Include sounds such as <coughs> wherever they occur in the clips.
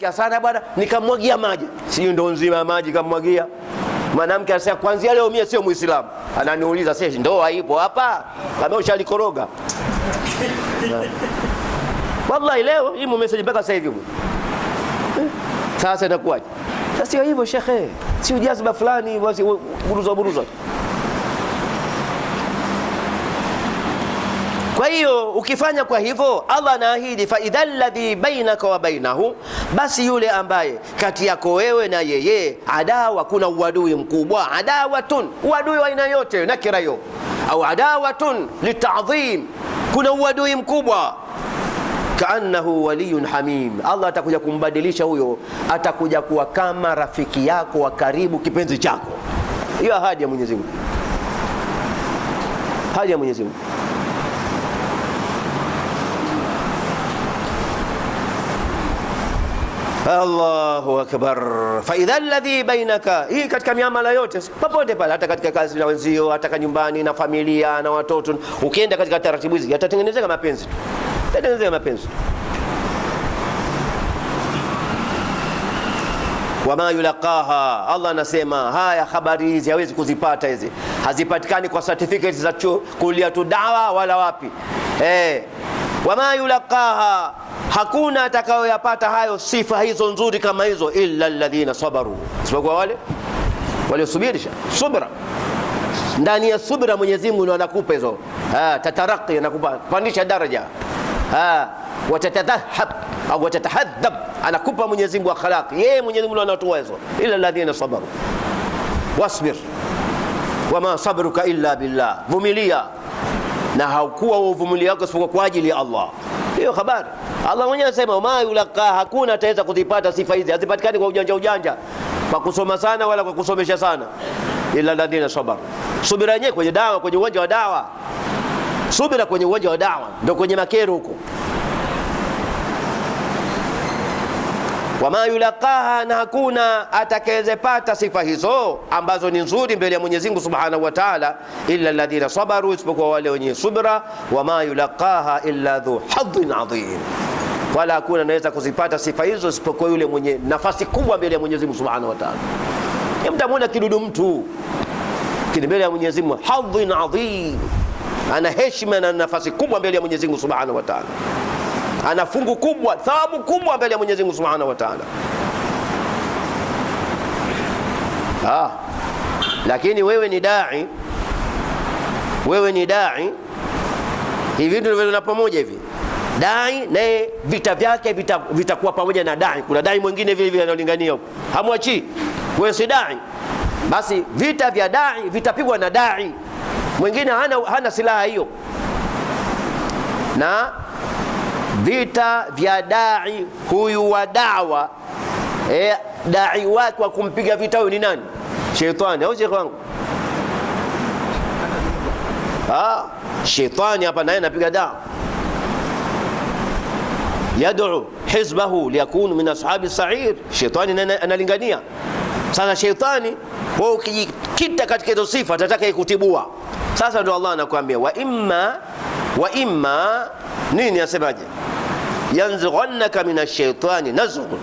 nasikia sana bwana, nikamwagia maji, si ndo nzima ya maji kamwagia. Mwanamke anasema kwanzia leo mie sio Muislamu. Ananiuliza sasa, ndoa ipo hapa kama ushalikoroga? <laughs> Wallahi leo hii message mpaka sasa hivi. Eh, sasa inakuwaje? Sasa sio hivyo shekhe, sio jazba fulani buruza buruza Kwa hiyo ukifanya kwa hivyo, Allah anaahidi fa idhal ladhi bainaka wa bainahu, basi yule ambaye kati yako wewe na yeye adawa, kuna uadui mkubwa, adawatun, uadui wa aina yote na kirayo au adawatun litadhim, kuna uadui mkubwa kaannahu waliyun hamim. Allah atakuja kumbadilisha huyo, atakuja kuwa kama rafiki yako wa karibu, kipenzi chako. Hiyo ahadi ya Mwenyezi Mungu, ahadi ya Mwenyezi Mungu. Allahu akbar. Fa idha alladhi bainaka, hii katika miamala yote, popote pale, hata katika kazi na wenzio, hata nyumbani na familia na watoto, ukienda katika taratibu hizi yatatengenezeka mapenzi tu, yatatengenezeka mapenzi tu. Wama yulaqaha, Allah anasema haya habari hizi hawezi kuzipata hizi, hazipatikani kwa certificate za chuo kulia tu dawa wala wapi eh wama yulaqaha, hakuna atakayoyapata hayo sifa hizo nzuri kama hizo illa alladhina sabaru, isipokuwa wale waliosubirisha subra. Ndani ya subra Mwenyezi Mungu anakupa hizo tataraqi, anakupa pandisha daraja watatadhahab au watatahadhab, anakupa Mwenyezi Mungu akhlaqi. Yeye Mwenyezi Mungu anatoa hizo, illa alladhina sabaru wasbir wama sabruka illa billah, vumilia na hakuwa uvumilivu wako isipokuwa kwa ajili ya Allah. Hiyo habari Allah mwenyewe anasema ma yulaqaa, hakuna ataweza kuzipata sifa hizi, hazipatikani kwa ujanja ujanja, kwa kusoma sana wala kwa kusomesha sana, illa ladhina sabar Subira yenyewe kwenye dawa, kwenye uwanja wa dawa, subira kwenye uwanja wa dawa ndio kwenye makero huko. wama yulaqaha, na hakuna atakayezepata sifa hizo ambazo ni nzuri mbele ya Mwenyezi Mungu Subhanahu wa Ta'ala, illa alladhina sabaru, isipokuwa wale wenye subra. Wama yulaqaha illa dhu hadhin adhim, wala hakuna anaweza kuzipata sifa hizo isipokuwa yule mwenye nafasi kubwa mbele ya Mwenyezi Mungu Subhanahu wa Ta'ala. Mtamwona kidudu mtu kile mbele ya Mwenyezi Mungu hadhin adhim, ana heshima na nafasi kubwa mbele ya Mwenyezi Mungu Subhanahu wa Ta'ala ana fungu kubwa, thawabu kubwa mbele ya Mwenyezi Mungu Subhanahu wa Ta'ala. Ah, lakini wewe ni dai, wewe ni dai, hivi vitu pamoja hivi dai naye vita vyake vitakuwa vita pamoja na dai. Kuna dai mwingine vile vile analingania huko, hamwachi wewe, si dai basi, vita vya dai vitapigwa na dai mwingine, hana, hana silaha hiyo, na vita vya dai huyu wa dawa e, dai wake wa kumpiga vita huyu ni nani? Shetani au shekhe wangu? Ah, shetani hapa naye anapiga dawa, yad'u hizbahu liyakunu min ashabi sa'ir. Shetani analingania. Sasa shetani wewe ukijikita katika hizo sifa atataka ikutibua. Sasa ndio Allah anakuambia wa imma wa imma nini, asemaje? min minashaitani nazghun,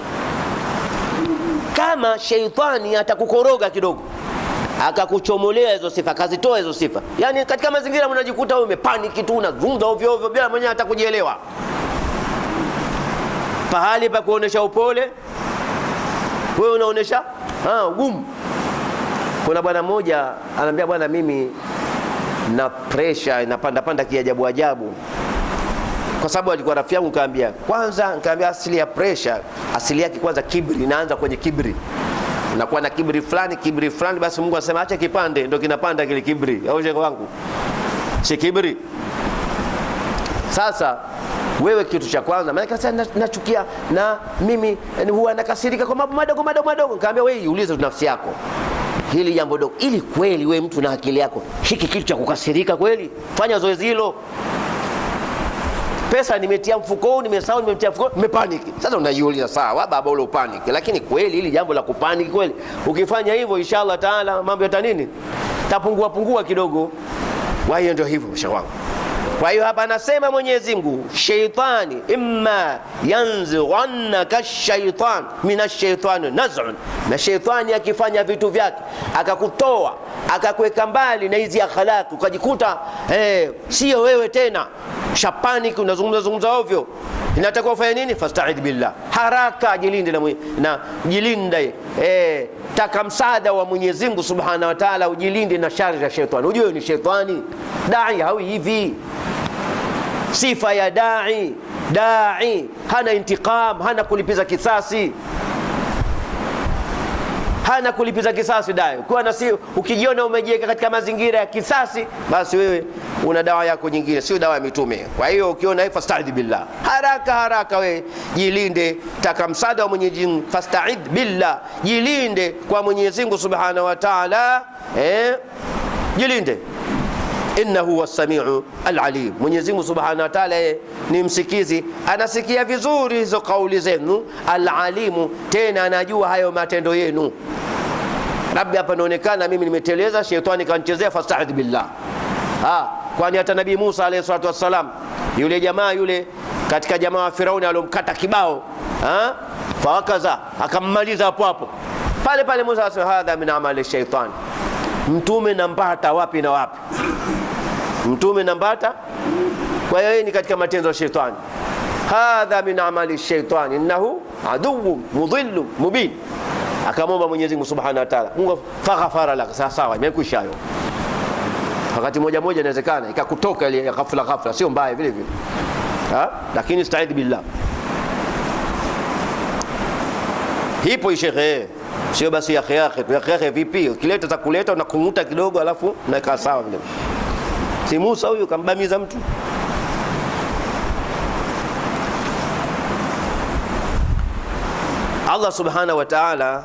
kama sheitani atakukoroga kidogo akakuchomolea hizo sifa, akazitoa hizo sifa, yani katika mazingira unajikuta wewe umepaniki tu, unazungumza ovyo ovyo bila mwenyewe hata kujielewa. Pahali pa kuonesha upole, wewe unaonesha ah, ugumu. Kuna bwana mmoja anaambia, bwana, mimi na pressure panda kiajabu ajabu, ajabu kwa sababu alikuwa rafiki yangu, kaambia kwanza, nikaambia asili ya pressure, asili yake kwanza kibri, inaanza kwenye kibri nakuwa na kibri fulani kibri fulani, basi Mungu asema acha kipande, ndio kinapanda kile kibri au jengo wangu si kibri. Sasa wewe kitu cha kwanza, maana kasa nachukia na mimi eh, huwa nakasirika kwa mambo madogo madogo madogo. Nikamwambia wewe iulize tu nafsi yako hili jambo dogo, ili kweli wewe mtu na akili yako hiki kitu cha kukasirika kweli? Fanya zoezi hilo pesa nimetia mfukoni, nimesahau nimetia mfukoni, nimepaniki. Sasa unajiuliza sawa baba, ule upanic, lakini kweli hili jambo la kupanic kweli? Ukifanya hivyo, inshallah taala mambo yata nini, tapungua pungua kidogo. Kwa hiyo ndio hivyo msha wangu. Kwa hiyo hapa anasema Mwenyezi Mungu, sheitani imma yanzighannaka shaitan minashaitani nazun, na shaitani akifanya vitu vyake akakutoa akakuweka mbali na hizi akhlaki ukajikuta eh, sio wewe tena Ushapaniki, unazungumza zungumza ovyo. Inatakiwa ufanye nini? Fastaidh billah, haraka ajilinde na, na jilinde eh, taka msaada wa Mwenyezi Mungu Subhanahu wa Ta'ala, ujilinde na shari za shetani. Ujue ni shetani dai hawi hivi. Sifa ya dai, dai hana intiqam, hana kulipiza kisasi hana kulipiza kisasi dai. Kwa na si ukijiona umejiweka katika mazingira ya kisasi, basi wewe una dawa yako nyingine, sio dawa ya mitume. Kwa hiyo ukiona hivyo, fastaid billah, haraka haraka wewe jilinde, taka msaada wa Mwenyezi Mungu. Fasta'idh billah, jilinde kwa Mwenyezi Mungu Subhanahu wa Ta'ala, eh, jilinde innahu huwa samiu alalim, Mwenyezi Mungu subhanahu wa taala ni msikizi, anasikia vizuri hizo kauli zenu. Alalimu, tena anajua hayo matendo yenu. Rabbi, hapa naonekana mimi nimeteleza, shetani kanichezea, fasta'idh billah. Ah, kwani hata Nabii Musa alayhi salatu wassalam, yule jamaa yule katika jamaa wa Firauni alomkata kibao ha? Fawakaza, akammaliza hapo hapo pale pale. Musa asema hadha min amali shaytan. Mtume nambata wapi na wapi Mtume nambata. Kwa hiyo ni katika matendo ya shetani, hadha min amali shaitani innahu aduwwu mudhillu mubin. Akamwomba Mwenyezi Mungu Subhanahu wa Ta'ala, Mungu faghafara lak. Sawa sawa, imekwisha hiyo. Wakati moja moja inawezekana ikakutoka ile ghafla ghafla, sio mbaya vile vile, Ha? lakini istaidhi billah, hipo shekhe sio basi ya khayake ya khayake vipi, kileta takuleta na kunguta kidogo, alafu na ikasawa vile vile. Si Musa huyu kambamiza mtu? Allah subhanahu wa ta'ala,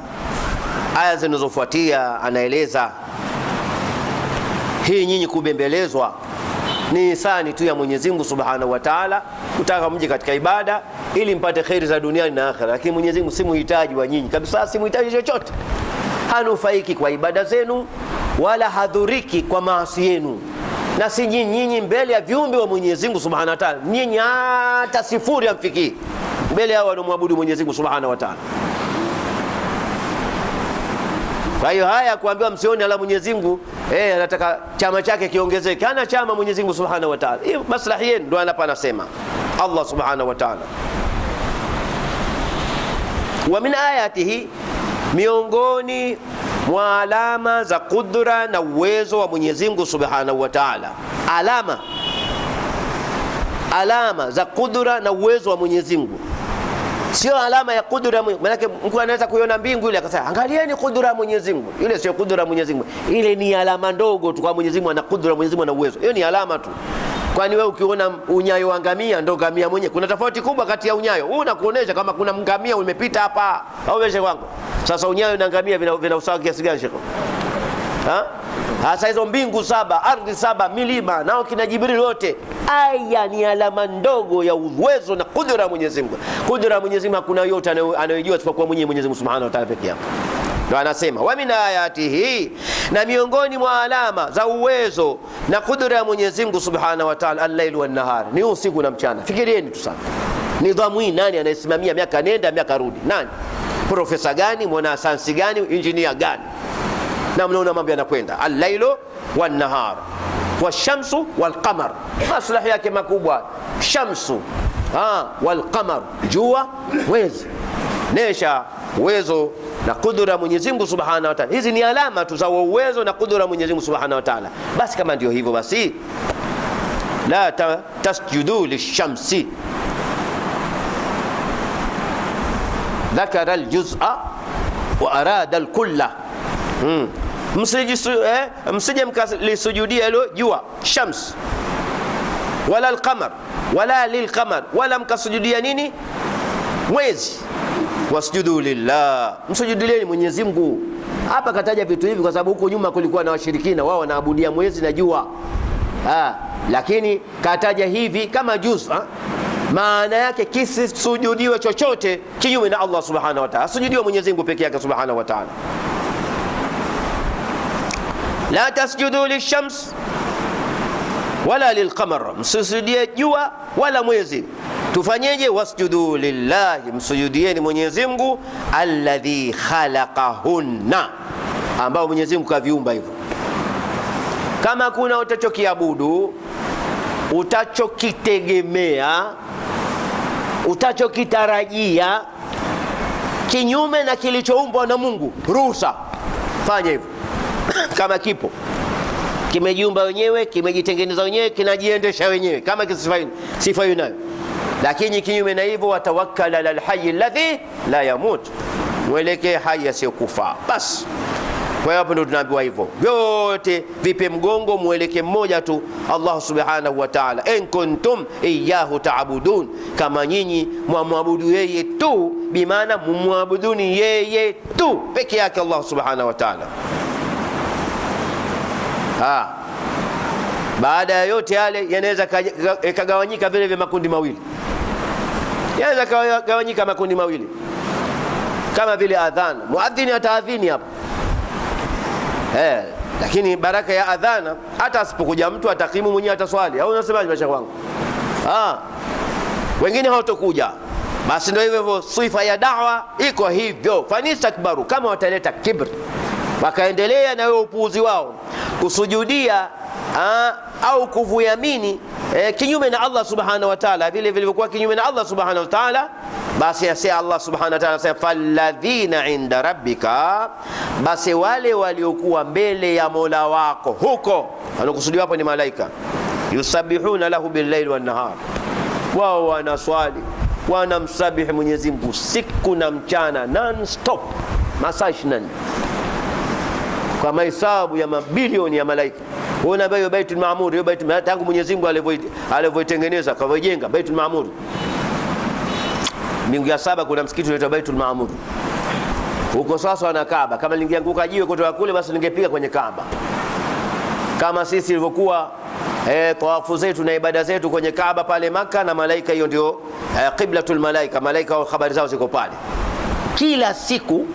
aya zinazofuatia anaeleza hii, nyinyi kubembelezwa ni hisani tu ya Mwenyezi Mungu subhanahu wa ta'ala, kutaka mje katika ibada ili mpate kheri za duniani na akhera. Lakini Mwenyezi Mungu si muhitaji wa nyinyi kabisa, si muhitaji chochote, hanufaiki kwa ibada zenu wala hadhuriki kwa maasi yenu na si nyinyi mbele ya viumbe wa Mwenyezi Mungu Subhanahu wa Ta'ala, nyinyi hata sifuri amfikii mbele yao wanaomwabudu Mwenyezi Mungu Subhanahu wa Ta'ala. Kwa hiyo haya kuambiwa msioni ala Mwenyezi Mungu eh, anataka chama chake kiongezeke, hana chama Mwenyezi Mungu Subhanahu wa Ta'ala. Hiyo maslahi yenu ndio anapa anasema Allah Subhanahu wa Ta'ala, wa min ayatihi, miongoni mwa alama za kudra na uwezo wa Mwenyezi Mungu Subhanahu wa Ta'ala. Alama alama za kudra na uwezo wa Mwenyezi Mungu, sio alama ya kudra. Maanake mtu anaweza kuiona mbingu ile akasema angalieni kudra ya Mwenyezi Mungu. Ile sio kudra ya Mwenyezi Mungu, ile ni alama ndogo tu kwa Mwenyezi Mungu. Ana kudra Mwenyezi Mungu, ana uwezo, hiyo ni alama tu. Kwani wewe ukiona unyayo wa ngamia ndo ngamia mwenyewe? Kuna tofauti kubwa kati ya unyayo huu, unakuonesha kama kuna ngamia umepita hapa, au wewe wangu sasa unyayo na ngamia vina, vina usawa kiasi gani shekho? Ha? Hasa hizo mbingu saba, ardhi saba, milima nao kina Jibril wote. Aya ni alama ndogo ya uwezo na kudra ya Mwenyezi Mungu. Kudra ya Mwenyezi Mungu hakuna yote anayojua isipokuwa mwenyewe Mwenyezi Mungu Subhanahu wa Ta'ala pekee yake. Ndio anasema wa min ayatihi, na miongoni mwa alama za uwezo na kudra ya Mwenyezi Mungu Subhanahu wa Ta'ala al-lail wan nahar, ni usiku na mchana. Fikirieni tu sana. Nidhamu hii nani anayesimamia miaka nenda miaka rudi? Nani? profesa gani, mwanasayansi gani, injinia gani, na mnaona mambo yanakwenda. al-lailu wan nahar washamsu walqamar, maslahi yake makubwa. Shamsu ah, walqamar, jua mwezi. Nesha uwezo na kudura Mwenyezi Mungu Subhanahu wa Ta'ala. Hizi ni alama tu za uwezo na kudura Mwenyezi Mungu Subhanahu wa Ta'ala. Basi kama ndio hivyo basi la ta, tasjudu lishamsi dhakara aljuz'a wa arada alkulla mm. msije eh, msije mkalisujudia hilo jua shams wala alqamar wala lilqamar wala mkasujudia nini mwezi wasjudu lillah, msujudieni Mwenyezi Mungu. Hapa kataja vitu hivi kwa sababu huko nyuma kulikuwa na washirikina, wao wanaabudia mwezi na jua ha, ah, lakini kataja hivi kama juz ah, maana yake kisisujudiwe chochote kinyume na Allah subhanahu wa ta'ala, asujudiwe Mwenyezi Mungu peke yake subhanahu wa ta'ala. La tasjudu lishams wala lilqamar, msisujudie jua wala mwezi. Tufanyeje? wasjudu lillahi, msujudieni Mwenyezi Mungu alladhi khalaqahunna, ambao Mwenyezi Mungu kaviumba hivyo. Kama kuna utachokiabudu utachokitegemea utachokitarajia kinyume na kilichoumbwa na Mungu, ruhusa fanya hivyo. <coughs> Kama kipo kimejiumba wenyewe, kimejitengeneza wenyewe, kinajiendesha wenyewe, kama sifa hiyo nayo. Lakini kinyume na hivyo, watawakkal ala alhayy alladhi la yamut, mwelekee hai asiyokufa basi. Kwa hiyo hapo ndio tunaambiwa hivyo, vyote vipe mgongo, mweleke mmoja tu, Allah subhanahu wa ta'ala, in kuntum iyyahu ta'budun, kama nyinyi mwamwabudu yeye tu, bimaana mumwabuduni yeye tu peke yake Allah subhanahu wa ta'ala. Baada ya yote yale yanaweza ikagawanyika vile vile makundi mawili, yanaweza kagawanyika makundi mawili, kama vile adhan, muadhini ataadhini hapo eh, lakini baraka ya adhana hata asipokuja mtu atakimu mwenyewe ataswali, au unasemaje masha wangu? Ah, wengine hawatokuja basi ndio hivyo hivyo. Sifa ya dawa iko hivyo, fanistakbaru, kama wataleta kibri wakaendelea na wewe upuuzi wao kusujudia aa, au kuvuyamini e, eh, kinyume na Allah subhanahu wa ta'ala, vile vilivyokuwa kinyume na Allah subhanahu wa ta'ala basi asema Allah subhanahu wa ta'ala, asema falladhina inda rabbika, basi wale waliokuwa mbele ya mola wako huko, anakusudiwa hapo ni malaika. Yusabihuna lahu billaili wan nahar, wao wanaswali wanamsabihi Mwenyezi Mungu siku na mchana non stop, masaa 24 kwa mahesabu ya mabilioni ya malaika. Unaona hiyo Baitul Maamur, hiyo Baitul Maamur tangu Mwenyezi Mungu alivyoitengeneza, akavyojenga Baitul Maamur Mbingu ya saba kuna msikiti unaitwa Baitul Maamud Huko sasa wana Kaaba. Kama lingeanguka jiwe kutoka kule, basi lingepiga kwenye Kaaba, kama sisi ilivyokuwa e, tawafu zetu na ibada zetu kwenye Kaaba pale Maka, na malaika hiyo ndio e, qiblatul malaika. Malaika wa habari zao ziko pale kila siku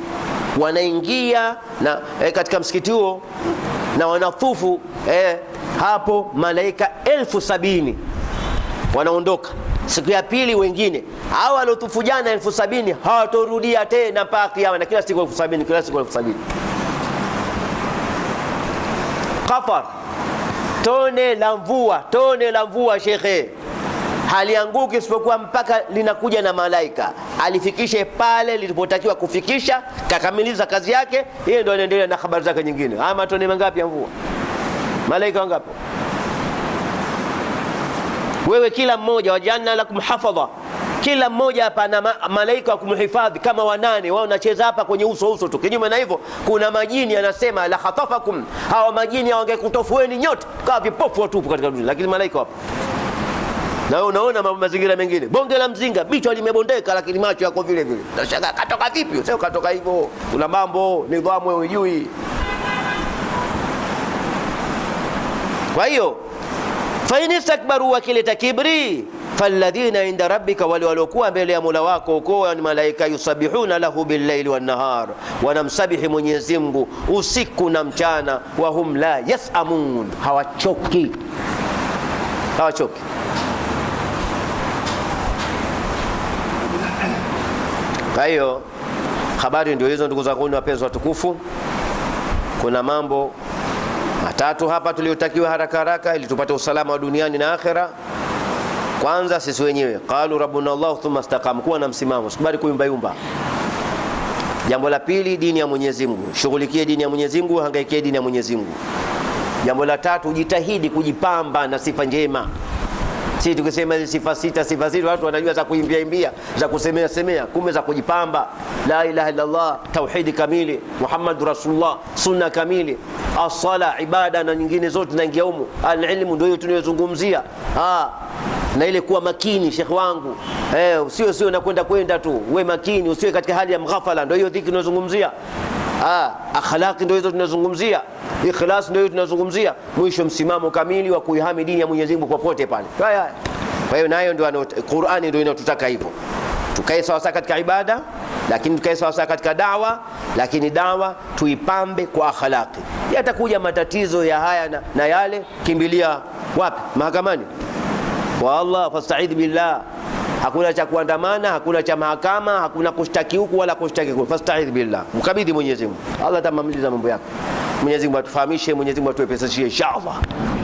wanaingia na e, katika msikiti huo na wanathufu e, hapo malaika elfu sabini wanaondoka Siku ya pili wengine hao waliotufujana elfu sabini hawatorudia tena mpaka kiama, na kila siku elfu sabini kila siku elfu sabini Qatar, tone la mvua, tone la mvua shekhe, halianguki isipokuwa mpaka linakuja na malaika alifikishe pale lilipotakiwa kufikisha, kakamiliza kazi yake. yeye ndo anaendelea na habari zake nyingine. Ama matone mangapi ya mvua? Malaika wangapi? Wewe kila mmoja, wajanna lakum hafadha, kila mmoja na malaika wa kumhifadhi kama wanane. Wao nacheza hapa kwenye uso uso tu. Kinyume na hivyo, kuna majini anasema la khatafakum, hawa majini hawangekutofueni nyote kwa vipofu watupu katika dunia, lakini malaika wapo na wewe unaona mazingira mengine, bonge la mzinga, bicho limebondeka, lakini macho yako vile vile. Nashangaa katoka vipi? Sio katoka hivyo, kuna mambo nidhamu wewe hujui. Kwa hiyo fa in istakbaru, wakileta kibri, faladhina inda rabbika, wale waliokuwa mbele ya mula wako uko ni malaika, yusabihuna lahu billaili wannahar, wanamsabihi Mwenyezi Mungu usiku na mchana, wahum la yasamun, hawachoki hawachoki. Kwa hiyo habari ndio hizo, ndugu zangu, wapenzi watukufu, kuna mambo matatu hapa tuliyotakiwa haraka haraka ili tupate usalama wa duniani na akhera. Kwanza sisi wenyewe qalu rabbuna Allah thumma istaqam kuwa na msimamo, sikubali kuyumbayumba. Jambo la pili, dini ya Mwenyezi Mungu, shughulikie dini ya Mwenyezi Mungu, hangaikie dini ya Mwenyezi Mungu. Jambo la tatu, jitahidi kujipamba na sifa njema. Si tukisema hizi sifa sita, sifa sita, watu wanajua za kuimbia imbia, za kusemea semea, kumbe za kujipamba. La ilaha Allah, tauhidi kamili, Muhammad Rasulullah, sunna kamili, asala, ibada na nyingine zote ingia humo. Alilmu ndio hiyo tunayozungumzia, ah na ile kuwa makini, shekhi wangu eh, usio sio nakwenda kwenda tu, we makini, usiwe katika hali ya mghafala. Ndio hiyo dhiki tunayozungumzia. Ah, akhlaqi ndio hizo tunazungumzia, ikhlas ndio hiyo tunazungumzia, mwisho msimamo kamili wa kuihami dini ya Mwenyezi Mungu popote pale. Haya, kwa hiyo nayo ndio Qur'ani ndio inatutaka hivyo, tukae sawa katika ibada, lakini tukae sawa katika dawa, lakini dawa tuipambe kwa akhlaqi. Yatakuja matatizo ya haya na, na yale, kimbilia wapi? Mahakamani. Allah, fastaidh billah hakuna cha kuandamana, hakuna cha mahakama, hakuna kushtaki huku wala kushtaki huku. Fasta'idh billah, mkabidhi Mwenyezi Mungu. Allah atamaliza mambo yako. Mwenyezi Mungu atufahamishe, Mwenyezi Mungu atuepesishie inshallah.